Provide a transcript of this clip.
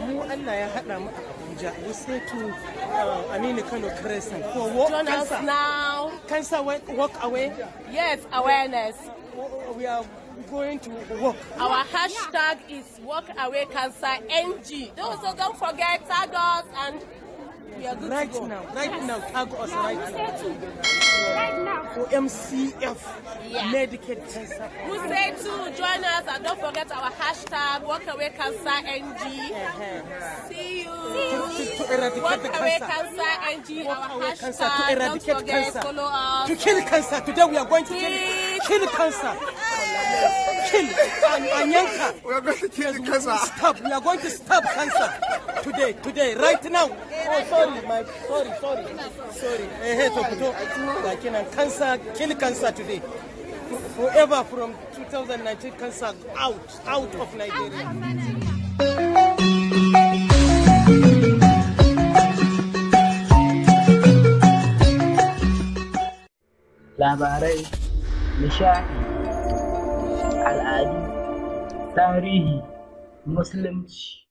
mu Allah ya mu a Abuja we say to uh, Aminu Kano Crescent for Join cancer. Us now. Cancer walk away. Yes, awareness. We are going to walk. Our hashtag is Walk Away Cancer NG. Also, don't forget tag us and we are good right to go. now. Right yes. now, tag us yeah, right now. Right now. For MCF, yeah. Medicaid Cancer. say to join us. Don't forget our hashtag WalkAwayCancerNG. Uh-huh. See you. See you. Walk away cancer. NG. our hashtag. Don't forget, cancer. follow us. To kill cancer. Today we are going to kill, kill cancer. kill and We are going to kill yes, cancer. Stop. We are going to stop cancer. Today, today, right now. Oh, sorry, my, sorry, sorry, sorry. Eh, hey, eh, to, to, like, you know, cancer, kill cancer today. forever from 2019 cancer out, out of Nigeria. labarai, nishaɗi, al'adu, tarihi, musulunci.